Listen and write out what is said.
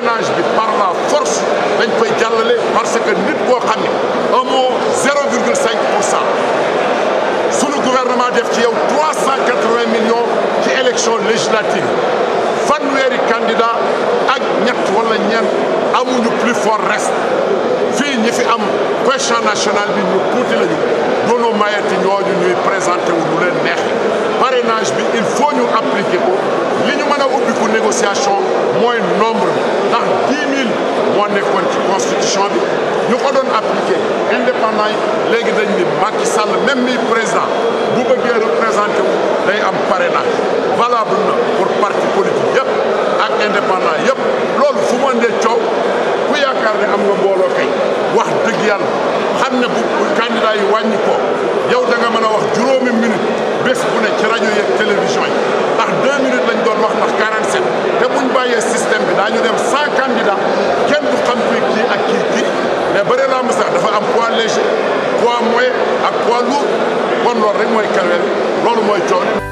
parrainage bi par la force dañ koy jàllale parce que nit koo xam ne amoo cinq pour cent sunu gouvernement def ci yow trois cent quatre-vingts millions ci élection législative fanweeri candidat ak ñett wala ñeent plus fort reste fii ñi fi am question nationale bi ñu tuuti lañu doonoo mayati ñooñu ñuy présenté wu lu leen neex parrainage bi il faut ñu appliquer ko li ñu mën négociation mooy nombre Diomaye léegi dañ ni Macky Sall même mi président bu bëggee représenté wu day am parrainage valable na pour parti politique yëpp ak indépendant yëpp loolu fu mu andee coow ku yaakaar ne am nga mbooloo kay wax dëgg yàlla xam ne bu candidat yi wàññi ko mën a wax juróomi minute bés bu ne ci rajo yeeg yi ndax deux minutes lañ doon wax ndax 47 te buñ bàyyee système bi daañu dem moyen ak poids bon kon loolu rek mooy carrière loolu mooy coono.